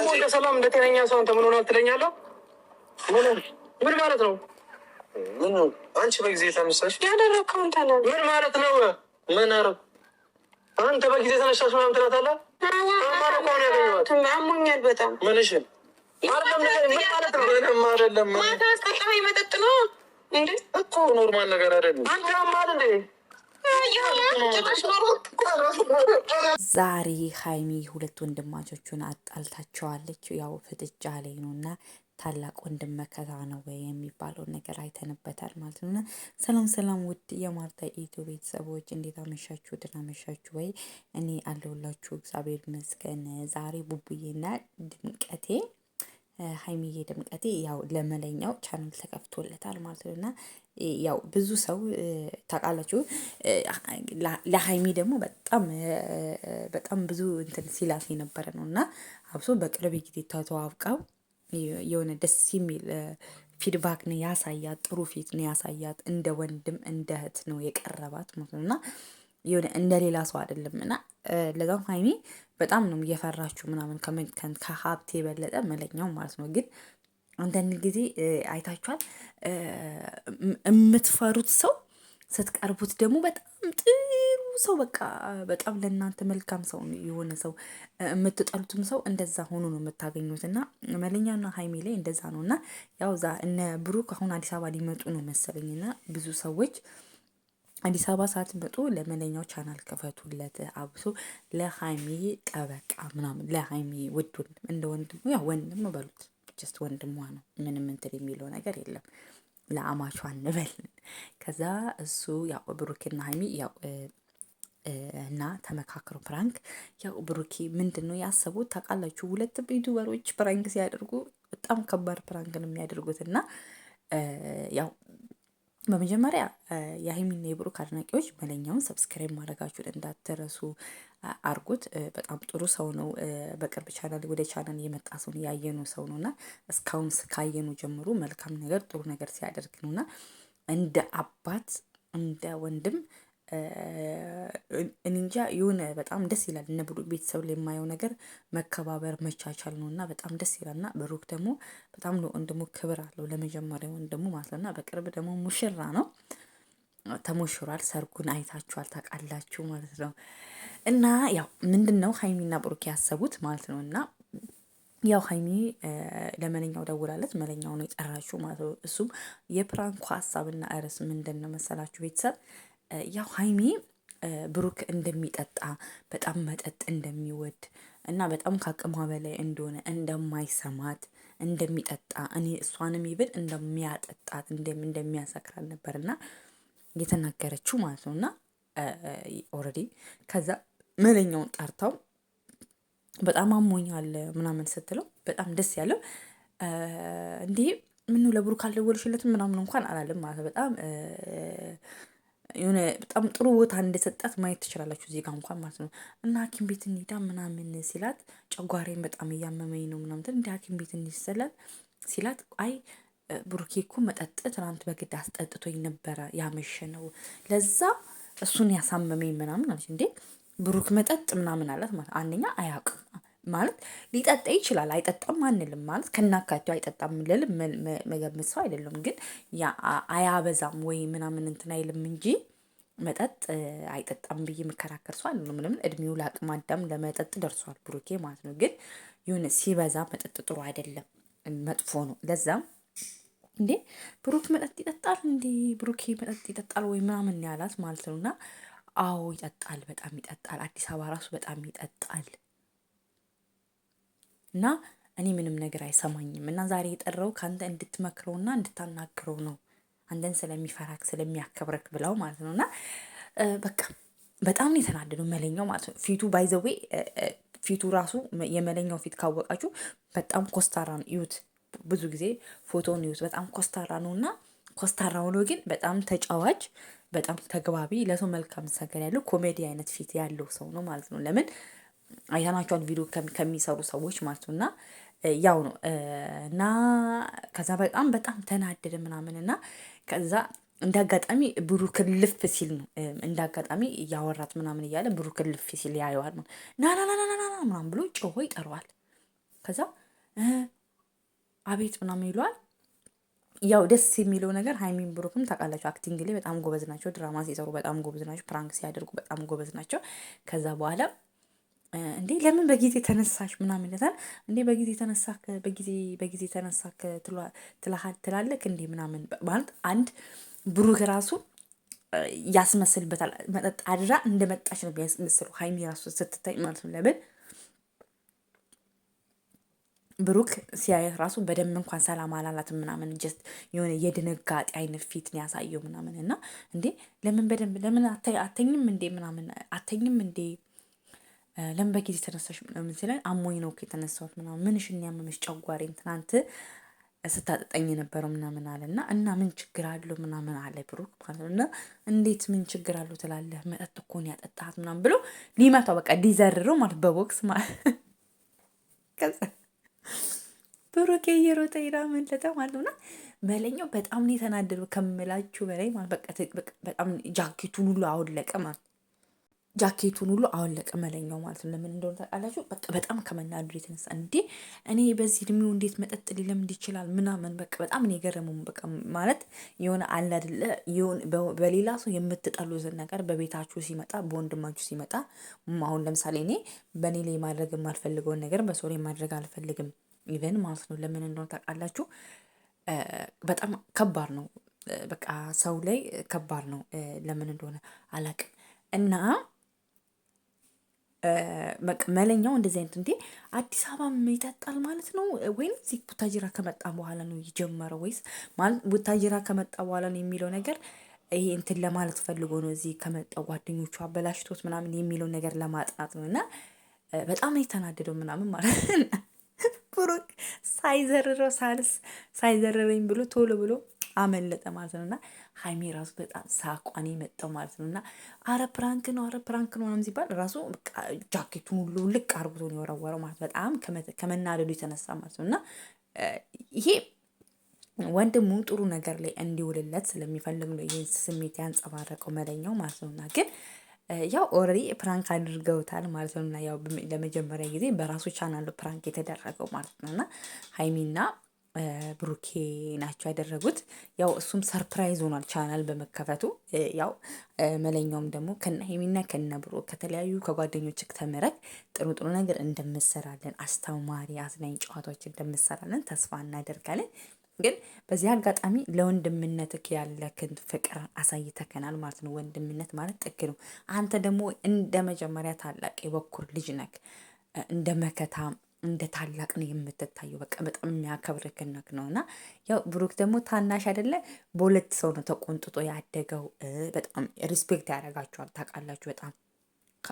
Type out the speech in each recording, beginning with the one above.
ደግሞ እንደ ሰላም እንደ ጤነኛ ሰው አንተ ምን ሆናል ትለኛለህ? ምን ማለት ነው? አንቺ በጊዜ ተነሳሽ ያደረግከው እንትን ምን ማለት ነው? ምን አረ አንተ በጊዜ ተነሳሽ ምናምን ትላታለህ። አሞኛል በጣም ምንሽን ማታ አስጠቀመኝ መጠጥ ነው እንዴ እኮ ኖርማል ነገር አይደለም። አንተ ማል እንዴ ዛሬ ሀይሚ ሁለት ወንድማቾቹን አጣልታቸዋለች። ያው ፍጥጫ ላይ ነው እና ታላቅ ወንድም መከታ ነው ወይ የሚባለውን ነገር አይተንበታል ማለት ነው። እና ሰላም ሰላም፣ ውድ የማርታ ኢትዮ ቤተሰቦች እንዴት አመሻችሁ? ደህና አመሻችሁ ወይ? እኔ አለሁላችሁ እግዚአብሔር ይመስገን። ዛሬ ቡቡዬና ድምቀቴ ሀይሚዬ ድምቀቴ ያው ለመለኛው ቻናል ተከፍቶለታል ማለት ነው እና ያው ብዙ ሰው ታውቃላችሁ፣ ለሀይሚ ደግሞ በጣም በጣም ብዙ እንትን ሲላት የነበረ ነው እና አብሶ በቅርብ ጊዜ ተተዋውቀው የሆነ ደስ የሚል ፊድባክ ነው ያሳያት፣ ጥሩ ፊት ነው ያሳያት። እንደ ወንድም እንደ እህት ነው የቀረባት ማለት ነው እና የሆነ እንደ ሌላ ሰው አይደለም እና ለዛም ሀይሚ በጣም ነው እየፈራችሁ ምናምን ከሀብቴ የበለጠ መለኛው ማለት ነው። ግን አንዳንድ ጊዜ አይታችኋል የምትፈሩት ሰው ስትቀርቡት ደግሞ በጣም ጥሩ ሰው በቃ በጣም ለእናንተ መልካም ሰው የሆነ ሰው የምትጠሉትም ሰው እንደዛ ሆኖ ነው የምታገኙት። እና መለኛና ሀይሜ ላይ እንደዛ ነው። እና ያው እዛ እነ ብሩክ አሁን አዲስ አበባ ሊመጡ ነው መሰለኝና ብዙ ሰዎች አዲስ አበባ ሳትመጡ ለመለኛው ቻናል ክፈቱለት። አብሶ ለሀይሚ ጠበቃ ምናምን ለሀይሚ ውድ እንደ ወንድሙ ያ ወንድም በሉት ጀስት ወንድሟ ነው። ምንም እንትን የሚለው ነገር የለም። ለአማቿ እንበል። ከዛ እሱ ያው ብሩኬና ሀይሚ ያው እና ተመካክሮ ፕራንክ ያው ብሩኬ ምንድን ነው ያሰቡት ታውቃላችሁ? ሁለት ዩቱበሮች ፕራንክ ሲያደርጉ በጣም ከባድ ፕራንክ ነው የሚያደርጉት እና ያው በመጀመሪያ የሀይሚና የብሩክ አድናቂዎች መለኛውን ሰብስክራይብ ማድረጋችሁን እንዳትረሱ አርጉት። በጣም ጥሩ ሰው ነው። በቅርብ ቻናል ወደ ቻናል የመጣ ሰው ያየነው ሰው ነው እና እስካሁን ስካየኑ ጀምሮ መልካም ነገር ጥሩ ነገር ሲያደርግ ነው እና እንደ አባት እንደ ወንድም እንጃ የሆነ በጣም ደስ ይላል። እነ ብሩክ ቤተሰብ ላይ የማየው ነገር መከባበር፣ መቻቻል ነው እና በጣም ደስ ይላል እና ብሩክ ደግሞ በጣም ለወንድሙ ክብር አለው ለመጀመሪያ ወንድሙ ማለት ነው እና በቅርብ ደግሞ ሙሽራ ነው ተሞሽሯል። ሰርጉን አይታችኋል ታውቃላችሁ ማለት ነው እና ያው ምንድን ነው ሀይሚና ብሩክ ያሰቡት ማለት ነው እና ያው ሀይሚ ለመለኛው ደውላለት መለኛው ነው የጠራችው ማለት ነው። እሱም የፕራንኩ ሀሳብና ርዕስ ምንድን ነው መሰላችሁ ቤተሰብ ያው ሀይሚ ብሩክ እንደሚጠጣ በጣም መጠጥ እንደሚወድ እና በጣም ከአቅሟ በላይ እንደሆነ እንደማይሰማት እንደሚጠጣ እኔ እሷንም ይብል እንደሚያጠጣት እንደሚያሰክራል ነበር እና የተናገረችው ማለት ነው እና ኦልሬዲ ከዛ መለኛውን ጠርተው በጣም አሞኛል ምናምን ስትለው በጣም ደስ ያለው እንዲህ ምን ለብሩክ አልደወልሽለትም ምናምን እንኳን አላለም ማለት ነው በጣም የሆነ በጣም ጥሩ ቦታ እንደሰጣት ማየት ትችላላችሁ እዚህ ጋር እንኳን ማለት ነው። እና ሐኪም ቤት እንሂዳ ምናምን ሲላት ጨጓሬን በጣም እያመመኝ ነው ምናምን እንደ ሐኪም ቤት እንዲሰላል ሲላት አይ ብሩኬ እኮ መጠጥ ትናንት በግድ አስጠጥቶኝ ነበረ ያመሸ ነው ለዛ እሱን ያሳመመኝ ምናምን አለች። እንዴ ብሩክ መጠጥ ምናምን አላት ማለት አንደኛ አያውቅም ማለት ሊጠጣ ይችላል፣ አይጠጣም አንልም። ማለት ከናካቴው አይጠጣም ልል መገመት ሰው አይደለም፣ ግን አያበዛም ወይ ምናምን እንትን አይልም እንጂ መጠጥ አይጠጣም ብዬ የምከራከር ሰው አለ። ምንም እድሜው ለአቅመ አዳም ለመጠጥ ደርሷል ብሩኬ ማለት ነው። ግን ይሁን ሲበዛ መጠጥ ጥሩ አይደለም፣ መጥፎ ነው። ለዛም እንዴ ብሩክ መጠጥ ይጠጣል እንዴ ብሩኬ መጠጥ ይጠጣል ወይ ምናምን ያላት ማለት ነው። እና አዎ ይጠጣል፣ በጣም ይጠጣል። አዲስ አበባ ራሱ በጣም ይጠጣል። እና እኔ ምንም ነገር አይሰማኝም እና ዛሬ የጠራው ከአንተ እንድትመክረውና እንድታናግረው ነው። አንተን ስለሚፈራክ ስለሚያከብረክ ብለው ማለት ነው። እና በቃ በጣም ነው የተናደደው መለኛው ማለት ነው። ፊቱ ባይዘዌ ፊቱ ራሱ የመለኛው ፊት ካወቃችሁ በጣም ኮስታራ ነው። እዩት፣ ብዙ ጊዜ ፎቶውን እዩት። በጣም ኮስታራ ነው እና ኮስታራ ሆኖ ግን በጣም ተጫዋች፣ በጣም ተግባቢ፣ ለሰው መልካም ሰገር ያለው ኮሜዲ አይነት ፊት ያለው ሰው ነው ማለት ነው። ለምን አይተናቸዋል ቪዲዮ ከሚሰሩ ሰዎች ማለት ነው እና ያው ነው እና ከዛ በጣም በጣም ተናደደ ምናምን እና ከዛ እንደ አጋጣሚ ብሩክ ልፍ ሲል ነው እንደ አጋጣሚ እያወራት ምናምን እያለ ብሩክ ልፍ ሲል ያየዋል ነው ናናናናናና ምናምን ብሎ ጮሆ ይጠረዋል። ከዛ አቤት ምናምን ይለዋል። ያው ደስ የሚለው ነገር ሀይሚን ብሩክም ታውቃላቸው አክቲንግ ላይ በጣም ጎበዝ ናቸው። ድራማ ሲሰሩ በጣም ጎበዝ ናቸው። ፕራንክ ሲያደርጉ በጣም ጎበዝ ናቸው። ከዛ በኋላ እንዴ ለምን በጊዜ ተነሳሽ ምናምን ይለታል። እንዴ በጊዜ ተነሳ በጊዜ በጊዜ ተነሳ ትላለክ እንዴ ምናምን ማለት አንድ ብሩክ ራሱ ያስመስልበታል። መጠጥ አድራ እንደመጣች ነው ያስመስለው ሀይሚ ራሱ ስትታይ ማለት ነው። ለምን ብሩክ ሲያየት ራሱ በደንብ እንኳን ሰላም አላላትም ምናምን፣ ጀስት የሆነ የድንጋጤ አይነት ፊት ያሳየው ምናምን እና እንዴ ለምን በደንብ ለምን አተኝም እንዴ ምናምን አተኝም እንዴ ለምን በጊዜ ተነሳሽ ምናምን ሲለን አሞኝ ነው እኮ የተነሳሁት ምናምን ምንሽን ያመመሽ ጨጓሬን ትናንት ስታጠጠኝ የነበረው ምናምን አለ እና እና ምን ችግር አለው ምናምን አለ ብሩክ ማለት ነው። እና እንዴት ምን ችግር አለው ትላለህ? መጠጥ እኮ ነው ያጠጣሃት ምናምን ብሎ ሊመታው በቃ ሊዘርረው ማለት በቦክስ ማለት ከዛ ብሩክ እየሮጠ መለጠ ማለት ነው። እና መለኛው በጣም ነው የተናደደው ከምላችሁ በላይ ማለት በቃ በጣም ጃኬቱን ሁሉ አወለቀ ማለት ጃኬቱን ሁሉ አወለቀ መለኛው ማለት ነው። ለምን እንደሆነ ታውቃላችሁ? በቃ በጣም ከመናደድ የተነሳ እንዴ እኔ በዚህ እድሜው እንዴት መጠጥ ሊለምድ ይችላል ምናምን በቃ በጣም እኔ ገረመው። በቃ ማለት የሆነ አለ አይደለ በሌላ ሰው የምትጠሉትን ነገር በቤታችሁ ሲመጣ፣ በወንድማችሁ ሲመጣ፣ አሁን ለምሳሌ እኔ በእኔ ላይ ማድረግ የማልፈልገውን ነገር በሰው ላይ ማድረግ አልፈልግም። ኢቨን ማለት ነው ለምን እንደሆነ ታውቃላችሁ? በጣም ከባድ ነው። በቃ ሰው ላይ ከባድ ነው። ለምን እንደሆነ አላውቅም እና መለኛው እንደዚህ አይነት እንዴ አዲስ አበባም ይጠጣል ማለት ነው ወይም እዚህ ቡታጅራ ከመጣ በኋላ ነው የጀመረው ወይስ ማለት ቡታጅራ ከመጣ በኋላ ነው የሚለው ነገር ይሄ እንትን ለማለት ፈልጎ ነው እዚህ ከመጣው ጓደኞቹ አበላሽቶት ምናምን የሚለው ነገር ለማጥናት ነው እና በጣም የተናደደው ምናምን ማለት ብሩክ ሳይዘርረው ሳልስ ሳይዘርረኝ ብሎ ቶሎ ብሎ አመለጠ ማለት ነው እና ሀይሚ ራሱ በጣም ሳቋን የመጣው ማለት ነው። እና አረ ፕራንክ ነው፣ አረ ፕራንክ ነው ምናምን ሲባል ራሱ ጃኬቱን ሁሉ ልቅ አርግቶ ነው የወረወረው ማለት በጣም ከመናደዱ የተነሳ ማለት ነው። እና ይሄ ወንድሙ ጥሩ ነገር ላይ እንዲውልለት ስለሚፈልግ ነው ይህን ስሜት ያንጸባረቀው መለኛው ማለት እና ግን ያው ኦልሬዲ ፕራንክ አድርገውታል ማለት ነው እና ያው ለመጀመሪያ ጊዜ በራሱ ቻናሉ ፕራንክ የተደረገው ማለት ነው እና ሀይሚና ብሩኬ ናቸው ያደረጉት። ያው እሱም ሰርፕራይዝ ሆኗል ቻናል በመከፈቱ ያው መለኛውም ደግሞ ከነ ሄሚና ከነ ብሮ ከተለያዩ ከጓደኞች ተምረክ ጥሩ ጥሩ ነገር እንደምሰራለን፣ አስተማሪ አዝናኝ ጨዋታዎች እንደምሰራለን ተስፋ እናደርጋለን። ግን በዚህ አጋጣሚ ለወንድምነትክ ያለክን ፍቅር አሳይተከናል ማለት ነው። ወንድምነት ማለት ጥግ ነው። አንተ ደግሞ እንደ መጀመሪያ ታላቅ የበኩር ልጅ ነክ እንደ መከታም እንደ ታላቅ ነው የምትታየው። በቃ በጣም የሚያከብርህ ነው እና ያው ብሩክ ደግሞ ታናሽ አይደለ፣ በሁለት ሰው ነው ተቆንጥጦ ያደገው። በጣም ሪስፔክት ያደርጋችኋል ታውቃላችሁ። በጣም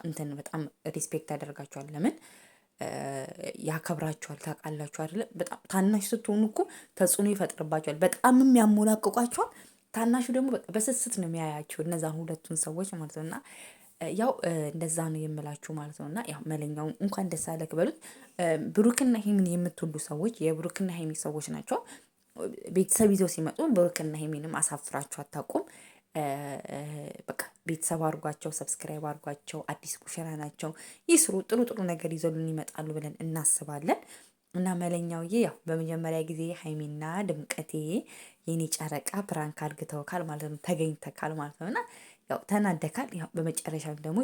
እንትን በጣም ሪስፔክት ያደርጋችኋል። ለምን ያከብራችኋል ታውቃላችሁ አይደለ? በጣም ታናሽ ስትሆኑ እኮ ተጽዕኖ ይፈጥርባችኋል። በጣም ያሞላቅቋችኋል። ታናሹ ደግሞ በስስት ነው የሚያያቸው እነዛን ሁለቱን ሰዎች ማለት ነው እና ያው እንደዛ ነው የምላችሁ ማለት ነው። እና ያው መለኛው እንኳን ደስ አለህ በሉት። ብሩክና ሄሚን የምትወዱ ሰዎች የብሩክና ሄሚ ሰዎች ናቸው። ቤተሰብ ይዘው ሲመጡ ብሩክና ሄሚንም አሳፍራችሁ አታውቁም። በቃ ቤተሰብ አድርጓቸው፣ ሰብስክራይብ አድርጓቸው። አዲስ ቁሸራ ናቸው፣ ይስሩ። ጥሩ ጥሩ ነገር ይዘሉን ይመጣሉ ብለን እናስባለን። እና መለኛውዬ ያው በመጀመሪያ ጊዜ ሀይሚና ድምቀቴ የኔ ጨረቃ ፕራንክ አድርግተውካል ማለት ነው፣ ተገኝተካል ማለት ነው እና ያው ተናደካል። ያው በመጨረሻም ደግሞ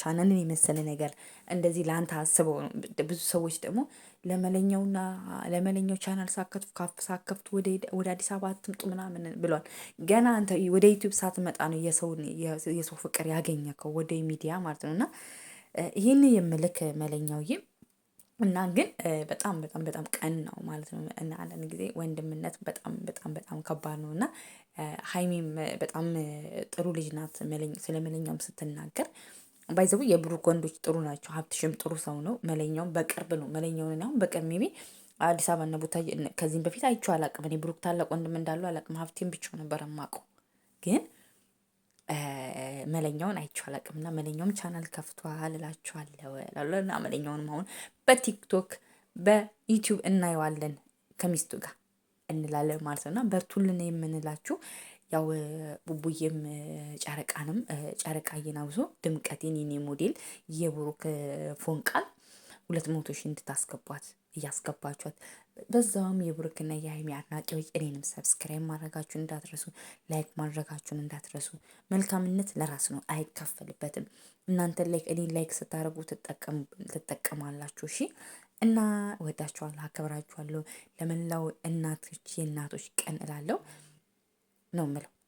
ቻናልን የመሰለ ነገር እንደዚህ ለአንተ አስበው ነው። ብዙ ሰዎች ደግሞ ለመለኛውና ለመለኛው ቻናል ሳከፍቱ ወደ አዲስ አበባ አትምጡ ምናምን ብሏል። ገና አንተ ወደ ዩቲዩብ ሳትመጣ ነው የሰው ፍቅር ያገኘከው ወደ ሚዲያ ማለት ነው። እና ይህን የምልክ መለኛውዬ እና ግን በጣም በጣም በጣም ቀን ነው ማለት ነው። እና አንዳንድ ጊዜ ወንድምነት በጣም በጣም በጣም ከባድ ነው። እና ሀይሚም በጣም ጥሩ ልጅ ናት። ስለ መለኛውም ስትናገር ባይዘቡ የብሩክ ወንዶች ጥሩ ናቸው። ሀብትሽም ጥሩ ሰው ነው። መለኛውም በቅርብ ነው። መለኛውን ሁን በቅርብ ሜቢ አዲስ አበባ ና ቦታ ከዚህም በፊት አይቼው አላውቅም። እኔ ብሩክ ታላቅ ወንድም እንዳለው አላቅም። ሀብቴም ብቻው ነበር የማውቀው። መለኛውን አይቼው አላውቅምና መለኛውም ቻናል ከፍቷል እላችኋለሁ እና መለኛውንም አሁን በቲክቶክ በዩቲዩብ እናየዋለን ከሚስቱ ጋር እንላለን ማለት ነው እና በርቱልን የምንላችሁ ያው ቡቡዬም ጨረቃንም ጨረቃዬን አብዞ ድምቀቴን የኔ ሞዴል የቡሩክ ፎንቃል ሁለት መቶ ሺህ እንድታስገቧት እያስገባችኋት በዛውም የብሩክና የሀይሚ አድናቂዎች እኔንም ሰብስክራይብ ማድረጋችሁን እንዳትረሱ፣ ላይክ ማድረጋችሁን እንዳትረሱ። መልካምነት ለራስ ነው፣ አይከፈልበትም። እናንተ ላይክ እኔን ላይክ ስታደርጉ ትጠቀማላችሁ። እሺ እና ወዳችኋለሁ፣ አከብራችኋለሁ። ለመላው እናቶች የእናቶች ቀን እላለሁ ነው ምለው